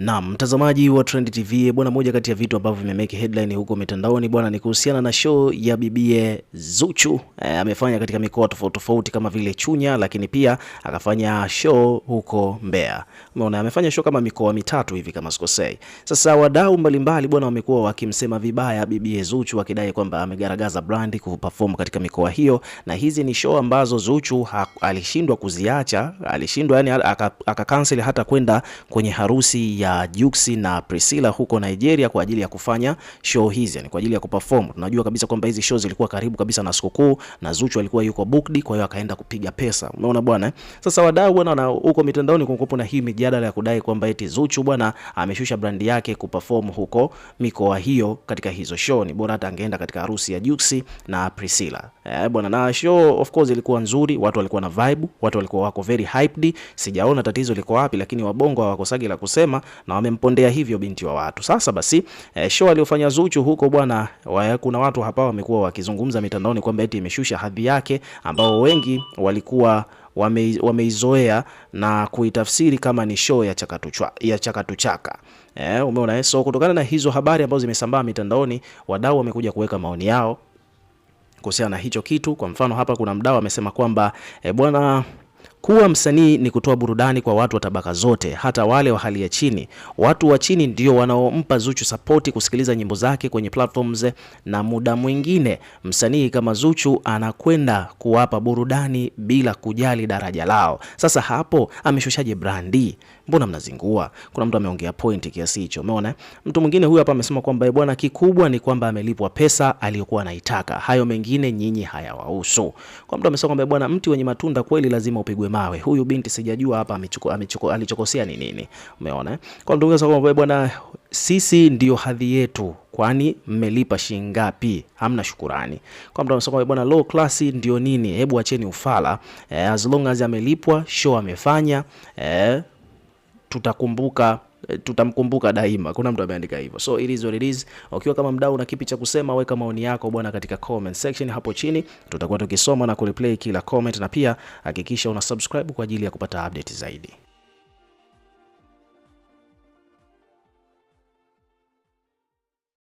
Na mtazamaji wa Trend TV bwana, moja kati ya vitu ambavyo vimemeke headline huko mitandaoni bwana ni kuhusiana na show ya bibie Zuchu. E, amefanya katika mikoa tofauti tofauti kama vile Chunya, lakini pia akafanya show huko Mbeya. Umeona, amefanya show kama mikoa mitatu hivi kama sikosei. Sasa wadau mbalimbali bwana wamekuwa wakimsema vibaya bibie Zuchu, wakidai kwamba amegaragaza brand kuperform katika mikoa hiyo, na hizi ni show ambazo Zuchu ha, alishindwa kuziacha, alishindwa yani akakansel aka hata kwenda kwenye harusi ya ya Juksi na Priscilla huko Nigeria kwa ajili ya kufanya show hizi, yani kwa ajili ya kuperform. Tunajua kabisa kwamba hizi show zilikuwa karibu kabisa na sikukuu na Zuchu alikuwa yuko booked, kwa hiyo akaenda kupiga pesa. Umeona bwana? Eh? Sasa wadau bwana, na huko mitandaoni kumekuwa na hii mijadala ya kudai kwamba eti Zuchu bwana ameshusha brandi yake kuperform huko mikoa hiyo katika hizo show, ni bora hata angeenda katika harusi ya Juksi na Priscilla. Eh, bwana na show of course ilikuwa nzuri, watu walikuwa na vibe, watu walikuwa wako very hyped. Sijaona tatizo liko wapi, lakini wabongo hawakosagi la kusema na wamempondea hivyo binti wa watu. Sasa basi eh, show aliyofanya Zuchu huko bwana, kuna watu hapa wamekuwa wakizungumza mitandaoni kwamba eti imeshusha hadhi yake, ambao wengi walikuwa wameizoea wame na kuitafsiri kama ni show ya chakatuchwa, ya chakatuchaka. Eh, umeona. Eh, so kutokana na hizo habari ambazo zimesambaa mitandaoni, wadau wamekuja kuweka maoni yao kuhusiana na hicho kitu. Kwa mfano hapa kuna mdau amesema kwamba e, bwana kuwa msanii ni kutoa burudani kwa watu wa tabaka zote, hata wale wa hali ya chini. Watu wa chini ndio wanaompa Zuchu sapoti kusikiliza nyimbo zake kwenye platforms, na muda mwingine msanii kama Zuchu anakwenda kuwapa burudani bila kujali daraja lao. Sasa hapo ameshushaje brandi? Mbona mnazingua? Kuna mtu ameongea point kiasi hicho, umeona? Mtu mwingine huyu hapa amesema kwamba eh, bwana, kikubwa ni kwamba amelipwa pesa aliyokuwa anaitaka, hayo mengine nyinyi hayawahusu. Kwa mtu amesema kwamba eh, bwana, mti wenye matunda kweli lazima upigwe apigwe mawe. Huyu binti sijajua hapa alichokosea ni nini. Umeona eh? Bwana, sisi ndio hadhi yetu, kwani mmelipa shilingi ngapi? Hamna shukurani. Kwa mtu anasema bwana, low class ndio nini? Hebu acheni ufala eh, as long as amelipwa show amefanya eh, tutakumbuka Eh, tutamkumbuka daima. Kuna mtu ameandika hivyo, so it is what it is. Ukiwa kama mdau na kipi cha kusema, weka maoni yako bwana katika comment section hapo chini, tutakuwa tukisoma na kureplay kila comment, na pia hakikisha una subscribe kwa ajili ya kupata update zaidi.